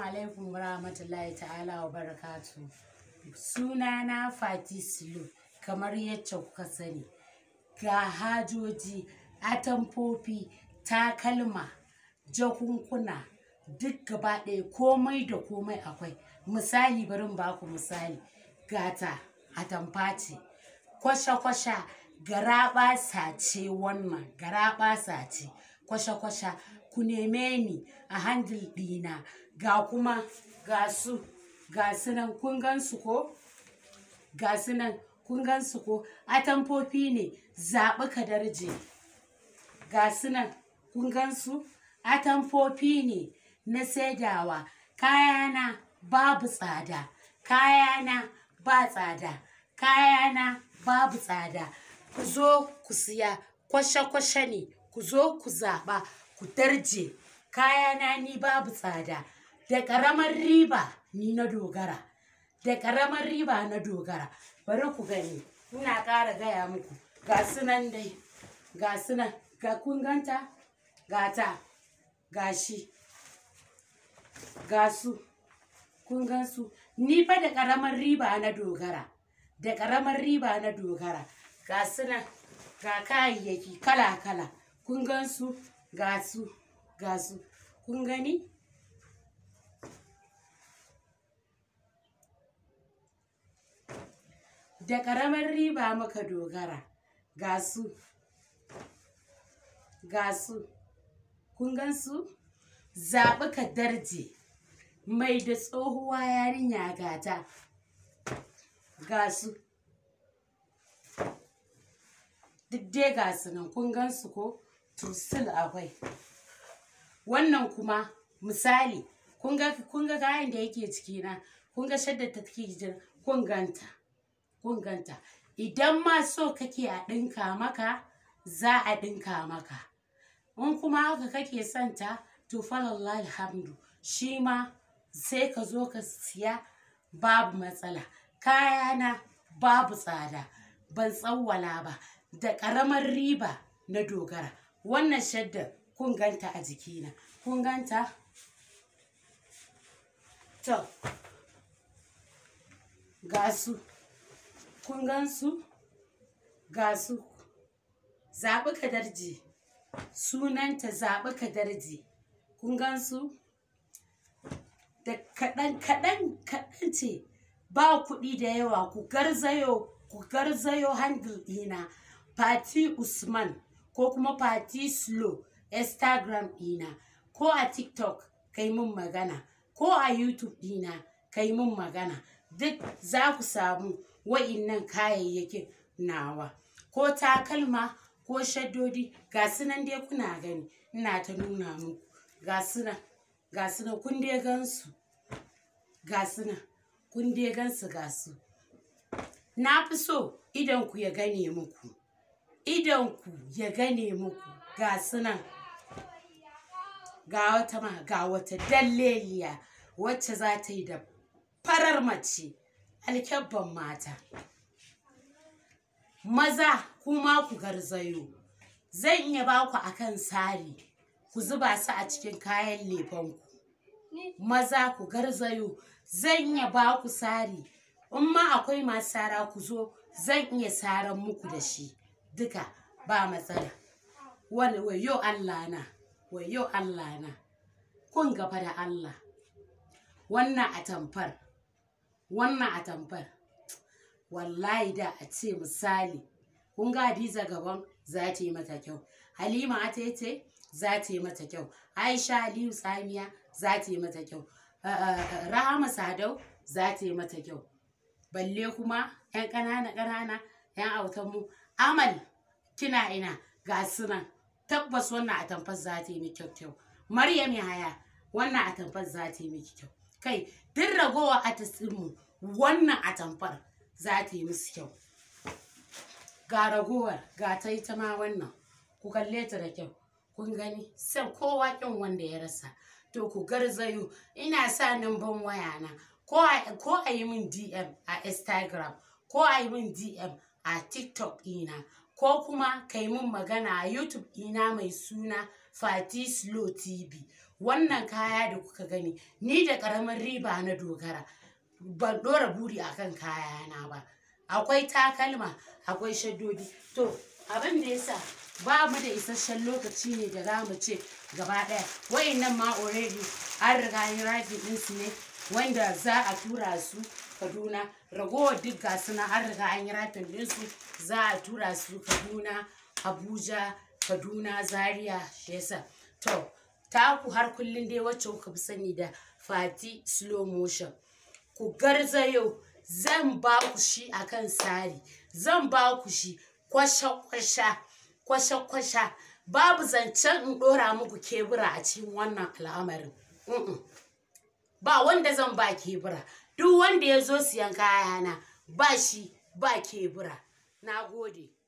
Assalamu alaikum warahmatullahi ta'ala wa barakatu. Sunana Fati silo kamar yacce kuka sani. Ga hajoji, atamfofi, takalma, jakunkuna, duk gaba ɗaya komai da komai akwai. Misali barin baku misali. Gata atamfa ce. Kwasha-kwasha garaba sace wannan garaba sace. Kwasha-kwasha ku neme ni a handle ɗina ga kuma ga su ga su nan kun gan su ko ga su nan kun gan su ko atamfofi ne zaɓi ka darje ga su nan kun gan su atamfofi ne na saidawa kayana babu tsada kayana ba tsada kayana babu tsada ku zo ku siya kwashe-kwashe ne ku zo ku zaɓa ku darje kayana ni babu tsada da ƙaramar riba ni na dogara da ƙaramar riba na dogara bari ku gani ina ƙara gaya muku ga sunan dai ga sunan ga ganta ga ta ga shi ga su kungan su ni fa da ƙaramar riba na dogara da ƙaramar riba na dogara ga sunan ga kayayyaki kala-kala kun gan su ga su ga su kun gani da ƙaramar riba maka dogara ga su ga su kun gan su zaɓi ka darje mai da tsohuwa yarinya gata ga su duk dai ga su nan kun gan su ko tursul akwai wannan kuma misali kun ga kayan da yake cikina kun ga shadda ta take jin kun ganta kun ganta idan ma so kake a ɗinka maka za a ɗinka maka in kuma haka kake son ta to falallahi alhamdu shi ma sai ka zo ka siya babu matsala kayana babu tsada ban tsawwala ba da ƙaramar riba na dogara wannan shaddar kun ganta a jikina kun ganta to gasu kun su ga su zaɓi ka darji sunanta zaɓi ka darji kun su da kaɗan kaɗan kaɗan ce ba kuɗi da yawa ku garzayo ku garzayo handle ɗina fati usman ko kuma fati slow instagram ɗina ko a tiktok kai mun magana ko a youtube ɗina kai mun magana duk za ku samu wa'innan kayayyakin nawa ko takalma ko shaddodi ga su nan dai kuna gani ina ta nuna muku ga su nan ga su nan kun dai gansu ga su nan kun dai gansu ga su na fi so idan ku ya gane muku idan ku ya gane muku ga su nan ga wata ma ga wata dalleliya wacce za ta yi da farar mace alkyabban mata maza kuma ku garzayo zan iya baku akan sari ku zuba su a cikin kayan ku maza ku garzayo zan iya baku sari in ma akwai masu sara ku zo zan iya saran muku da shi duka ba matsala wayo Allah na wayo Allah na kun gaba da Allah wannan atamfar wannan a atamfar wallahi da a ce misali kun ga hadiza gaban za ta yi mata kyau halima atete za ta yi mata kyau aisha aliyu samiya za ta yi mata kyau eh, eh, rahama sadau za ta yi mata kyau balle kuma yan ƙanana ƙanana yan mu. amal kina ina ga suna tabbas wannan a tamfar za ta yi miki kyau maryam yahaya wannan a atamfar za ta yi miki kyau kai duk ragowa a mu wannan atamfar za ta yi musu kyau ga ragowar ga ta ta ma wannan ku kalle ta da kyau kun gani sai kowa kyan wanda ya rasa to ku garzayo ina sa ban waya na ko a yi min dm a instagram ko a yi min dm a tiktok ina ko kuma ka yi min magana a youtube ina mai suna fati slow tv wannan kaya da kuka gani ni da ƙaramin riba na dogara ban ɗora buri akan kaya na ba akwai takalma akwai shaddodi to abin da yasa ba mu da isasshen lokaci ne da za mu ce gaba ɗaya wayannan ma already an riga yi rafi su ne wanda za a tura su kaduna ragowar duk ga suna an riga an yi rafin su za a tura su kaduna abuja kaduna zaria shi yasa to ta ku har kullun dai wacce kuka fi sani da fati slow motion ku yau zan ba ku shi akan sari zan ba ku shi kwasha-kwasha kwasha-kwasha babu zancen in ɗora muku kebura a cikin wannan al'amarin ba wanda zan ba kebura duk wanda ya zo siyan kayana ba shi ba kebura na gode